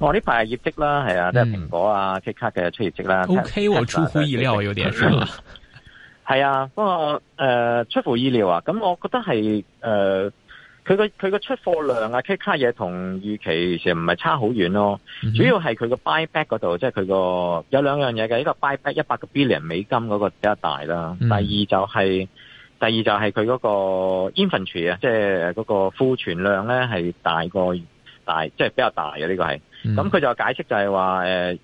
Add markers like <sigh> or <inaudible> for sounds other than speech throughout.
我呢排係業績啦，係啊，即係蘋果啊，K、嗯、卡嘅出業績啦。O、okay, K，我出乎意料，嗯、有點係啊，不過誒出乎意料啊，咁、 <laughs> 嗯呃、我覺得係誒，佢個佢個出貨量啊，K 卡嘢同預期其實唔係差好遠咯。主要係佢個 buy back 嗰度，即係佢個有兩樣嘢嘅，一個 buy back 一百個 billion 美金嗰個比較大啦。第二就係、是、第二就係佢嗰個 inventory 啊，即係嗰個庫存量咧係大過大，即、就、係、是、比較大嘅呢、這個係。咁、嗯、佢就解釋就係話誒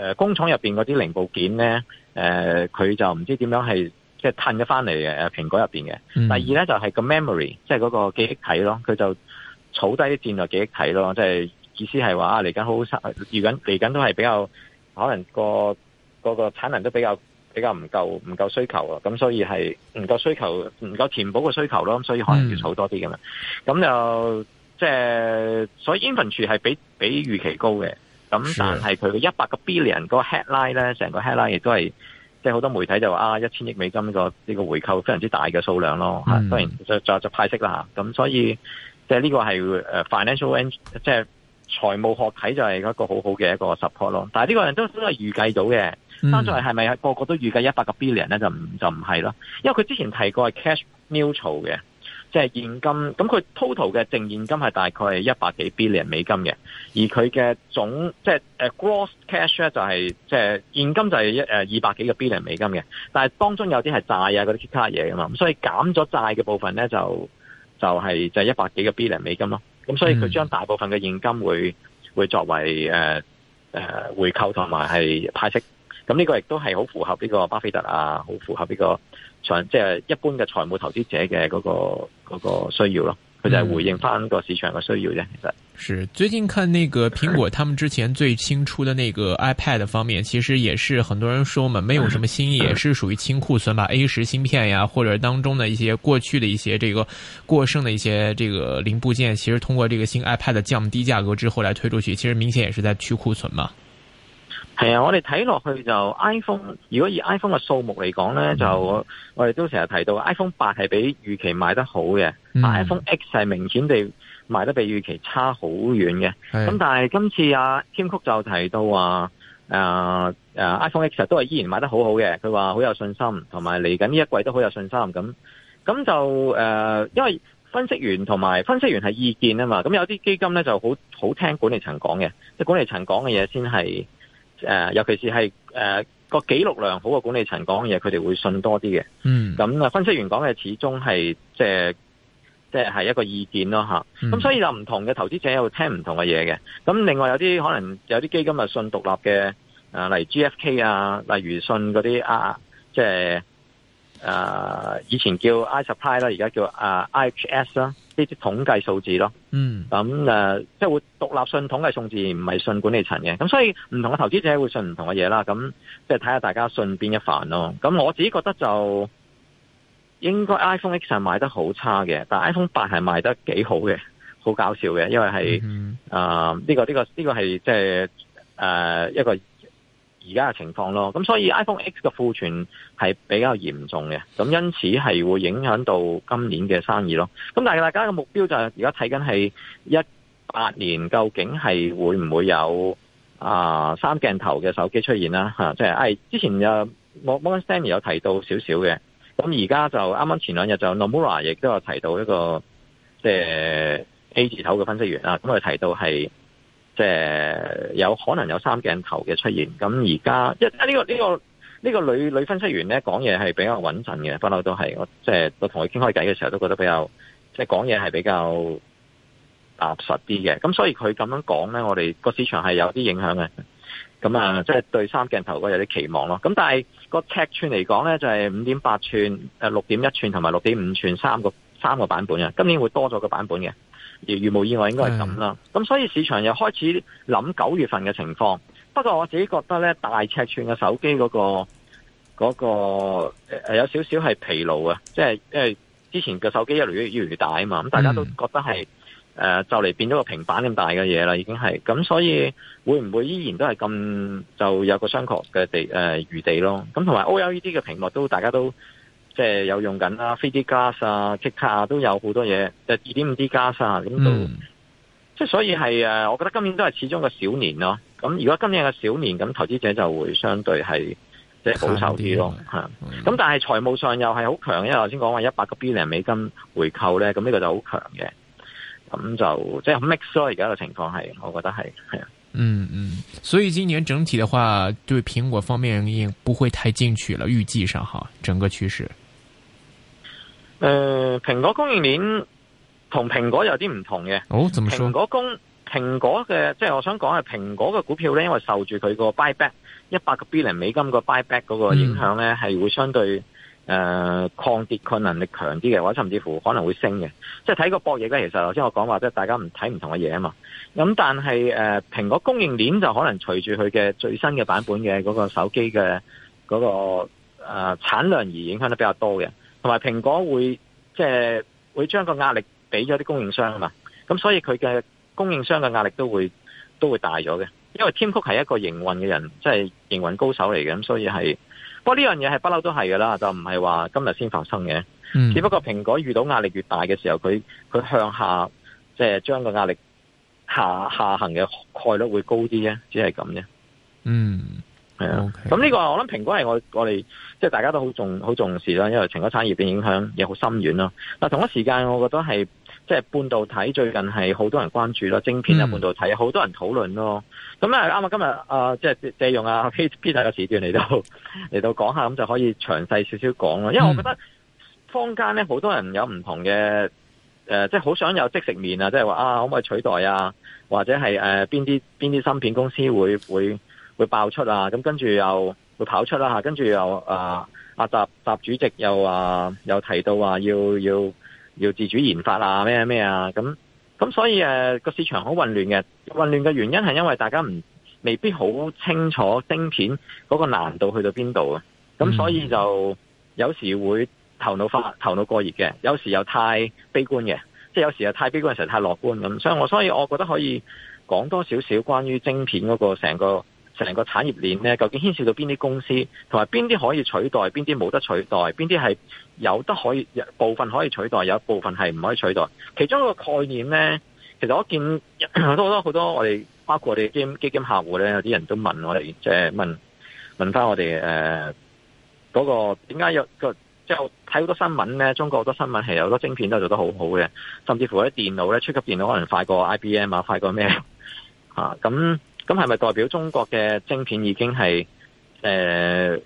誒工廠入面嗰啲零部件咧，誒、呃、佢就唔知點樣係即係退咗翻嚟嘅蘋果入面嘅、嗯。第二咧就係、是、個 memory，即係嗰個記憶體咯，佢就儲低啲戰略記憶體咯，即、就、係、是、意思係話啊嚟緊好好差，如果嚟緊都係比較可能個個個產能都比較比較唔夠唔夠需求啊，咁所以係唔夠需求唔夠填補個需求咯，所以可能要儲多啲咁樣，咁、嗯、就。即係所以，Inventure 係比比預期高嘅。咁但係佢嘅一百個 billion headline 呢個 headline 咧，成個 headline 亦都係即係好多媒體就話啊一千億美金呢個呢個回購非常之大嘅數量咯。嚇、嗯，當然就就就派息啦。咁所以即係呢個係 financial 即係財務學睇就係一個好好嘅一個 support 咯。但係呢個人都都係預計到嘅。但係係咪個個都預計一百個 billion 咧？就唔就唔係啦。因為佢之前提過係 cash mutual 嘅。即、就、係、是、現金，咁佢 total 嘅淨現金係大概係一百幾 billion 美金嘅，而佢嘅總即係、就是、gross cash 呢、就是，就係即係現金就係一誒二百幾個 billion 美金嘅，但係當中有啲係債呀嗰啲其他嘢噶嘛，咁所以減咗債嘅部分呢，就就係、是、就係、是、一百幾個 billion 美金囉。咁所以佢將大部分嘅現金會,會作為、呃呃、回購同埋係派息。咁、這、呢個亦都係好符合呢個巴菲特啊，好符合呢、這個財即係一般嘅財務投資者嘅嗰、那個嗰、那個需要咯。佢就係回應返個市場嘅需要啫。其實，是最近看那個蘋果，他們之前最新出的那個 iPad 方面，其實也是很多人說嘛，沒有什麼新意，也是屬於清庫存吧。嗯、A10 芯片呀，或者當中的一些過去的一些這個過剩的一些這個零部件，其實通過這個新 iPad 降低價格之後來推出去，其實明顯也是在去庫存嘛。.係啊，我哋睇落去就 iPhone，如果以 iPhone 嘅數目嚟講呢，就我哋都成日提到 iPhone 八係比預期賣得好嘅、mm.，iPhone X 係明顯地賣得比預期差好遠嘅。咁、mm. 但係今次阿 Tim Cook 就提到話，誒、呃、誒、呃、iPhone X 都係依然賣得很好好嘅，佢話好有信心，同埋嚟緊呢一季都好有信心。咁咁就誒、呃，因為分析員同埋分析員係意見啊嘛，咁有啲基金呢就好好聽管理層講嘅，即、就、係、是、管理層講嘅嘢先係。誒、呃，尤其是係誒、呃、個記錄良好嘅管理層講嘢，佢哋會信多啲嘅。嗯，咁啊，分析員講嘅始終係即係即係係一個意見咯吓。咁、mm. 所以就唔同嘅投資者會聽唔同嘅嘢嘅。咁另外有啲可能有啲基金啊信獨立嘅誒、呃，例如 G F K 啊，例如信嗰啲啊，即係。誒、uh，以前叫 iSupply 啦，而家叫啊 IHS 啦，呢啲統計數字咯。嗯，咁誒，即係會獨立信統計數字，唔係信管理層嘅。咁所以唔同嘅投資者會信唔同嘅嘢啦。咁即係睇下大家信邊一番咯。咁我自己覺得就應該 iPhone X 係賣得好差嘅，但 iPhone 8係賣得幾好嘅，好搞笑嘅，因為係誒呢個呢個呢個係即係誒一個。而家嘅情況咯，咁所以 iPhone X 嘅庫存係比較嚴重嘅，咁因此係會影響到今年嘅生意咯。咁但係大家嘅目標就係而家睇緊係一八年究竟係會唔會有啊三鏡頭嘅手機出現啦？嚇，啊，即係、哎、之前啊，我 Stanley 有提到少少嘅，咁而家就啱啱前兩日就 Nomura 亦都有提到一個即係 A 字頭嘅分析員啊，咁佢提到係。即係有可能有三鏡頭嘅出現，咁而家呢個呢個呢個女女分析員咧，講嘢係比較穩陣嘅，不嬲都係我即係同佢傾開偈嘅時候，都覺得比較即係講嘢係比較踏實啲嘅。咁所以佢咁樣講咧，我哋個市場係有啲影響嘅。咁啊，即係對三鏡頭個有啲期望咯。咁但係個尺寸嚟講咧，就係五點八寸、誒六點一寸同埋六點五寸三個三個版本嘅。今年會多咗個版本嘅。而如無意外應該係咁啦，咁所以市場又開始諗九月份嘅情況。不過我自己覺得咧，大尺寸嘅手機嗰、那個嗰、那個、呃、有少少係疲勞啊，即係因為之前嘅手機一路越嚟越大啊嘛，咁、嗯、大家都覺得係誒就嚟變咗個平板咁大嘅嘢啦，已經係咁，所以會唔會依然都係咁就有個商榷嘅地誒餘、呃、地咯？咁同埋 OLED 嘅屏幕都大家都。即係有用緊啦，飛 d g l a s 啊，kick 啊，都有好多嘢，就二點五 D glass 啊，咁都、嗯，即係所以係誒，我覺得今年都係始終個小年咯。咁如果今年個小年，咁投資者就會相對係即係保守啲咯。咁但係財務上又係好強，因為頭先講話一百個 b 零美金回購咧，咁、這、呢個就好強嘅。咁就即係 mix 咯，而家嘅情況係，我覺得係係啊，嗯嗯。所以今年整體嘅話，對蘋果方面也不會太進取啦。預計上哈，整個趨勢。誒、呃，蘋果供應鏈同蘋果有啲唔同嘅。好、哦、蘋果供蘋果嘅，即係我想講係蘋果嘅股票咧，因為受住佢個 buyback 一百個 billion 美金個 buyback 嗰個影響咧，係、嗯、會相對誒抗、呃、跌抗能力強啲嘅，或者甚至乎可能會升嘅。即係睇個博弈咧，其實頭先我講話即係大家唔睇唔同嘅嘢啊嘛。咁但係誒，蘋、呃、果供應鏈就可能隨住佢嘅最新嘅版本嘅嗰個手機嘅嗰個誒、呃、產量而影響得比較多嘅。同埋蘋果會即係、就是、會將個壓力俾咗啲供應商啊嘛，咁所以佢嘅供應商嘅壓力都會都會大咗嘅，因為 Tim Cook 係係一個營運嘅人，即係營運高手嚟嘅。咁所以係，不過呢樣嘢係不嬲都係噶啦，就唔係話今日先發生嘅，嗯、只不過蘋果遇到壓力越大嘅時候，佢佢向下即係將個壓力下下行嘅概率會高啲啊，只係咁啫，嗯。咁、okay。呢個我諗蘋果係我我哋即係大家都好重好重視啦，因為蘋果產業嘅影響亦好深遠咯。但同一時間，我覺得係即係半導體最近係好多人關注咯，晶片啊，半導體好、mm，多人討論咯。咁咧啱啱今日啊，即、呃、係、就是、借用啊，K P 大個時段嚟到嚟到講下，咁就可以詳細少少講咯。因為我覺得坊間咧好多人有唔同嘅誒，即係好想有即食麵啊，即係話啊，可唔可以取代啊？或者係誒邊啲邊啲芯片公司會會？會爆出啊，咁跟住又會跑出啦，啊、吓，跟住又啊阿習習主席又啊又提到話要要要自主研發啊咩咩啊，咁咁所以誒個市場好混亂嘅，混亂嘅原因係因為大家唔未必好清楚晶片嗰個難度去到邊度啊，咁所以就有時會頭腦發頭腦過熱嘅，有時又太悲觀嘅，即係有時又太悲觀嘅時候太樂觀咁，所以我所以我覺得可以講多少少關於晶片嗰個成個。成個產業鏈咧，究竟牽涉到邊啲公司，同埋邊啲可以取代，邊啲冇得取代，邊啲係有得可以有部分可以取代，有部分係唔可以取代。其中一個概念咧，其實我見好多好多，好多好多我哋包括我哋基金基金客戶咧，有啲人都問我哋、呃呃嗰個，即係問問翻我哋誒嗰個點解有個即係睇好多新聞咧，中國好多新聞係有好多晶片都做得好好嘅，甚至乎啲電腦咧，超級電腦可能快過 IBM 啊，快過咩啊咁。咁咁係咪代表中國嘅晶片已經係誒、呃、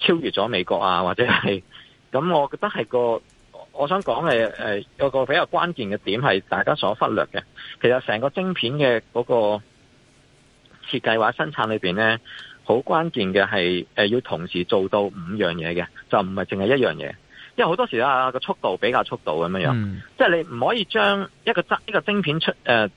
超越咗美國啊？或者係咁，我覺得係個我想講嘅，誒、呃、有個比較關鍵嘅點係大家所忽略嘅。其實成個晶片嘅嗰個設計或者生產裏邊咧，好關鍵嘅係誒要同時做到五樣嘢嘅，就唔係淨係一樣嘢。因為好多時啊個速度比較速度咁樣，即、嗯、係你唔可以將一個一個晶片出誒。呃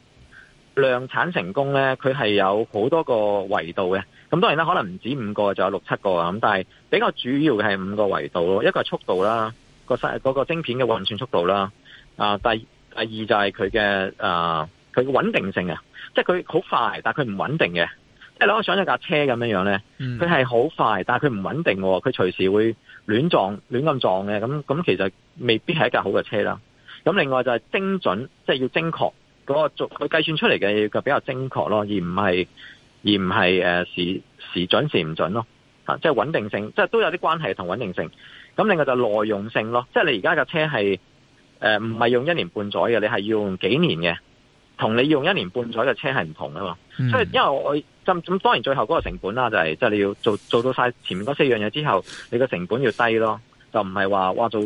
量產成功咧，佢係有好多個維度嘅。咁當然啦，可能唔止五個，就有六七個啊。咁但係比較主要嘅係五個維度咯。一個係速度啦，個、嗰個晶片嘅運算速度啦。啊、呃，第第二就係佢嘅啊，佢、呃、佢嘅穩定性啊。即係佢好快，但係佢唔穩定嘅。即係攞上咗架車咁樣呢，咧，佢係好快，但係佢唔穩定喎。佢隨時會亂撞、亂咁撞嘅。咁咁其實未必係一架好嘅車啦。咁另外就係精準，即係要精確。個、那個做佢計算出嚟嘅嘅比較精確咯，而唔係而唔係誒時時準時唔準咯，即係穩定性，即係都有啲關係同穩定性。咁另外就耐用性咯，即係你而家架車係誒唔係用一年半載嘅，你係要用幾年嘅，同你用一年半載嘅車係唔同啊嘛。所以因為我咁咁當然最後嗰個成本啦、就係，就係、是、即係你要做做到晒前面嗰四樣嘢之後，你個成本要低咯，就唔係話話做。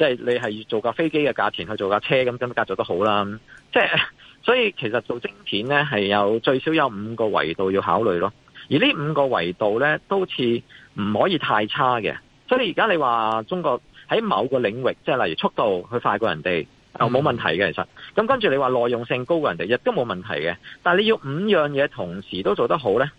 即係你係做架飛機嘅價錢去做架車咁咁樣做都好啦。即係所以其實做晶片咧，係有最少有五個維度要考慮咯。而呢五個維度咧，都似唔可以太差嘅。所以你而家你話中國喺某個領域，即係例如速度去快過人哋又冇問題嘅其實。咁跟住你話耐用性高過人哋亦都冇問題嘅。但係你要五樣嘢同時都做得好咧，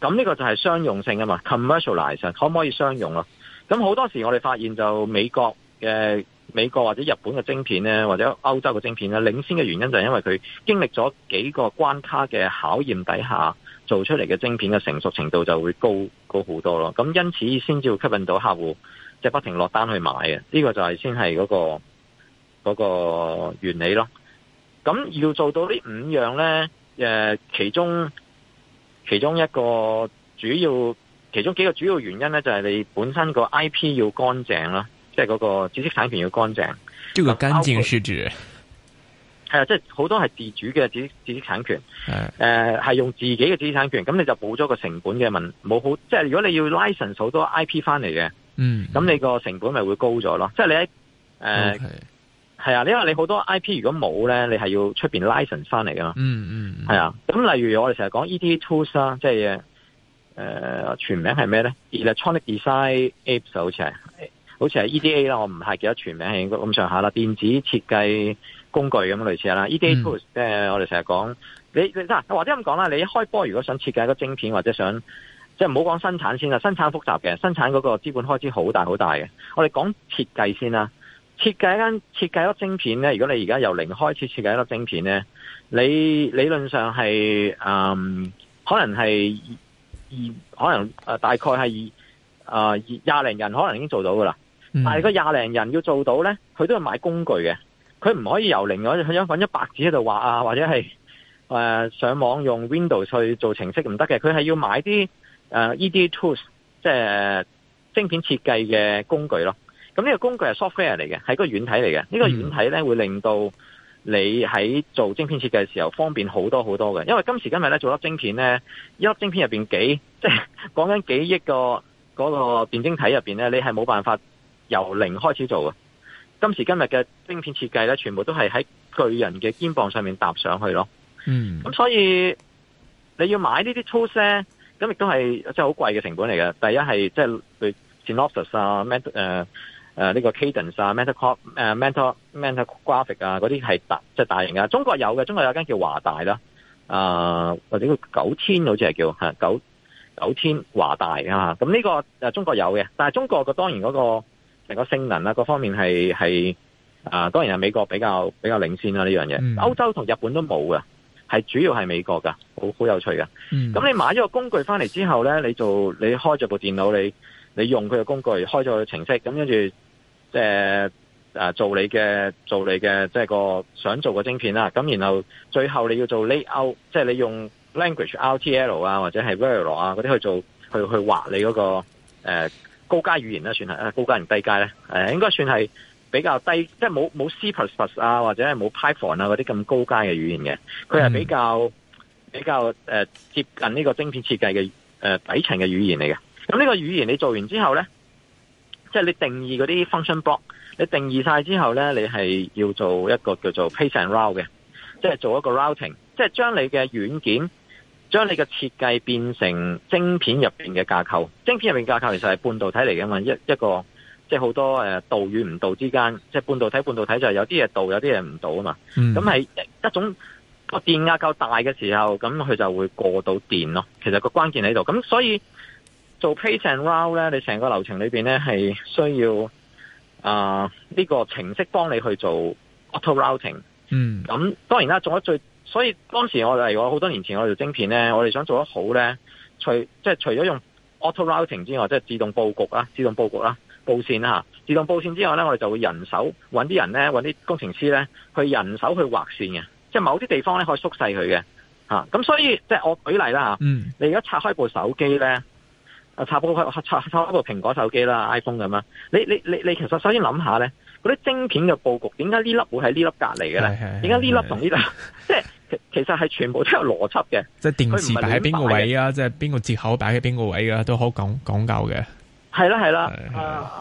咁呢個就係商用性啊嘛。commercialize 可唔可以商用咯，啊？咁好多時候我哋發現就美國。嘅美國或者日本嘅晶片咧，或者歐洲嘅晶片咧，領先嘅原因就係因為佢經歷咗幾個關卡嘅考驗底下，做出嚟嘅晶片嘅成熟程度就會高高好多咯。咁因此先至會吸引到客戶，即係不停落單去買嘅。呢個就係先係嗰個嗰個原理咯。咁要做到呢五樣咧，誒，其中其中一個主要，其中幾個主要原因咧，就係你本身個 IP 要乾淨啦。即係嗰個知識產權要乾淨，呢、這個乾淨是指係啊，即係好多係自主嘅知知識產權，誒，係、呃、用自己嘅知識產權，咁你就冇咗個成本嘅問冇好，即係如果你要 license 好多 IP 翻嚟嘅。嗯，咁你個成本咪會高咗咯、嗯，即係你喺誒係啊，因為你好多 IP 如果冇咧，你係要出邊 license 翻嚟噶嘛。嗯嗯，係啊，咁例如我哋成日講 EDA tools 啦、啊，即係誒、呃、全名係咩咧？Electronic Design Apps 好似係。好似係 EDA 啦，我唔係記得全名，應該咁上下啦。電子設計工具咁樣類似啦，EDA 即係我哋成日講你，林或者咁講啦，你一開波如果想設計一個晶片，或者想即係唔好講生產先啦，生產複雜嘅，生產嗰個資本開支好大好大嘅。我哋講設計先啦，設計一間設計一粒晶片咧，如果你而家由零開始設，設計一粒晶片咧，你理論上係嗯，可能係二，可能、呃、大概係誒廿零人可能已經做到噶啦。嗯、但係個廿零人要做到呢，佢都要買工具嘅。佢唔可以由另外佢想揾一白紙喺度畫啊，或者係誒、呃、上網用 Windows 去做程式唔得嘅。佢係要買啲 EDA tools，即係晶片設計嘅工具咯。咁呢個工具係 software 嚟嘅，係個軟體嚟嘅。呢、嗯這個軟體呢，會令到你喺做晶片設計嘅時候方便好多好多嘅。因為今時今日呢，做粒晶片呢，一粒晶片入邊幾即係講緊幾億個嗰個電晶體入邊呢，你係冇辦法。由零開始做嘅，今時今日嘅晶片設計咧，全部都係喺巨人嘅肩膀上面搭上去咯。嗯，咁所以你要買這些呢啲粗聲，咁亦都係即係好貴嘅成本嚟嘅。第一係即係 Synopsys 啊、Meta 誒誒呢個 Cadence 啊、Mentor Cop 誒 Mentor Mentor Graphic 啊嗰啲係大即係、就是、大型嘅。中國有嘅，中國有間叫華大啦，啊或者叫九天好似係叫嚇，啊、九九天華大啊。嚇。咁呢個誒中國有嘅，但係中國嘅當然嗰，那個。成個性能啊，各方面係，係，啊，當然係美國比較比較領先啦，呢樣嘢。歐洲同日本都冇嘅，係主要係美國噶好好有趣嘅。咁你買咗個工具翻嚟之後咧，你就你開咗部電腦，你你用佢嘅工具，開咗個程式，咁跟住誒啊做你嘅做你嘅即係個想做嘅晶片啦。咁然後最後你要做 layout，即係你用 language RTL 啊，或者係 Verilog 啊嗰啲去做去去畫你嗰個誒。呃高階語言咧算係，高階定低階咧？誒，應該算係比較低，即係冇冇 C plus plus 啊，或者係冇 Python 啊嗰啲咁高階嘅語言嘅。佢係比較比較誒、呃、接近呢個晶片設計嘅誒底層嘅語言嚟嘅。咁呢個語言你做完之後咧，即、就、係、是、你定義嗰啲 function block，你定義晒之後咧，你係要做一個叫做 place and route 嘅，即係做一個 routing，即係將你嘅軟件。將你嘅設計變成晶片入邊嘅架構，晶片入邊架構其實係半導體嚟噶嘛，一一個即係好多誒導與唔導之間，即係、呃、半導體半導體就係有啲嘢導，有啲嘢唔導啊嘛。咁、嗯、係一種個電壓夠大嘅時候，咁佢就會過到電咯。其實個關鍵喺度，咁所以做 pace and route 咧，你成個流程裏邊咧係需要啊呢、呃這個程式幫你去做 auto routing。嗯，咁當然啦，做咗最。所以當時我哋，我好多年前我哋做晶片咧，我哋想做得好咧，除即係除咗用 auto routing 之外，即係自動佈局啦，自動佈局啦，布線啦嚇，自動佈線之外咧，我哋就會人手搵啲人咧，搵啲工程師咧，去人手去劃線嘅，即係某啲地方咧可以縮細佢嘅嚇。咁所以即係我舉例啦嚇，你而家拆開部手機咧，拆開,部,拆開部蘋果手機啦，iPhone 咁樣。你你你你其實首先諗下咧，嗰啲晶片嘅佈局點解呢粒會喺呢粒隔籬嘅咧？點解呢粒同呢粒即係？ <laughs> 其實係全部都有邏輯嘅，即係電池擺喺邊個位啊，是即係邊個接口擺喺邊個位啊，都好講講究嘅。係啦係啦，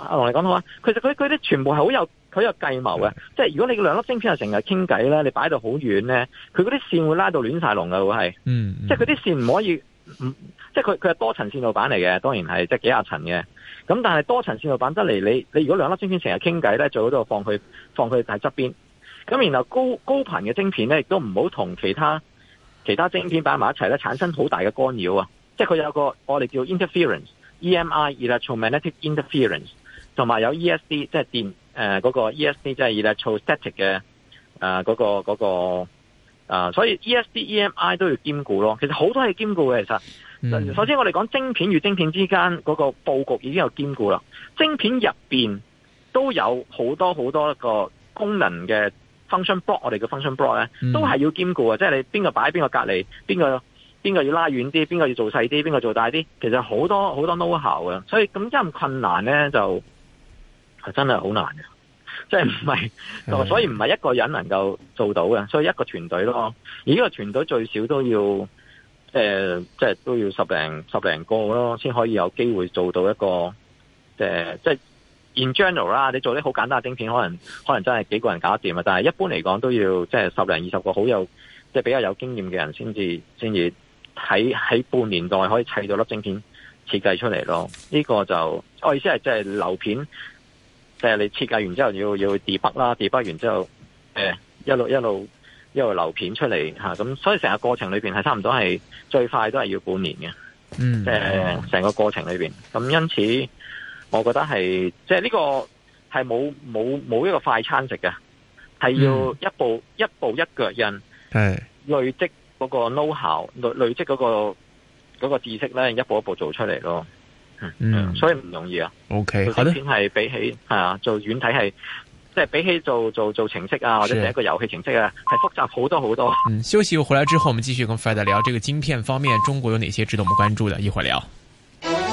阿龍、uh, 你講好啊。其實佢佢啲全部係好有佢有計謀嘅。即係如果你兩粒晶片係成日傾偈咧，你擺到好遠咧，佢嗰啲線會拉到亂晒龍噶會係。嗯。即係佢啲線唔可以，唔、嗯、即係佢佢係多層線路板嚟嘅，當然係即係幾十層嘅。咁但係多層線路板得嚟，你你如果兩粒晶片成日傾偈咧，最好都放佢放佢喺側邊。咁然後高高頻嘅晶片咧，亦都唔好同其他其他晶片擺埋一齊咧，產生好大嘅干擾啊！即係佢有個我哋叫 interference、EMI，electromagnetic interference，同埋有 ESD，即係電誒嗰個 ESD，即係 electrostatic 嘅誒嗰個嗰個啊，所以 ESD、EMI 都要兼顧咯。其實好多係兼顧嘅，其實、嗯、首先我哋講晶片與晶片之間嗰個布局已經有兼顧啦。晶片入邊都有好多好多一個功能嘅。function block 我哋嘅 function block 咧，都係要兼顧啊、嗯！即係你邊個擺邊個隔離，邊個邊個要拉遠啲，邊個要做細啲，邊個做大啲。其實好多好多 know-how 嘅，所以咁因困難咧就係真係好難嘅，即係唔係所以唔係一個人能夠做到嘅，所以一個團隊咯。而呢個團隊最少都要，誒、呃，即係都要十零十零個咯，先可以有機會做到一個，誒、呃，即係。In general 啦，你做啲好簡單嘅晶片，可能可能真係幾個人搞得掂啊！但係一般嚟講，都要即係十零二十個好有即係比較有經驗嘅人先至先至睇喺半年內可以砌到粒晶片設計出嚟咯。呢個就我意思係即係流片，即係你設計完之後要要 debug 啦，debug 完之後誒、嗯、一路一路一路流片出嚟嚇咁，所以成個過程裏邊係差唔多係最快都係要半年嘅，即係成個過程裏邊咁，因此。我覺得係即係呢個係冇冇冇一個快餐食嘅，係要一步一步一腳印，係、嗯、累積嗰個 know how，累累積嗰個、嗰個知識咧，一步一步做出嚟咯。嗯，所以唔容易 okay，先是啊。O K，係比起係啊做軟體係，即係比起做做做程式啊或者係一個遊戲程式啊，係複雜好多好多。嗯，休息又回來之後，我們繼續跟 Fred 仔聊這個晶片方面，中國有哪些值得我們關注的？一會聊。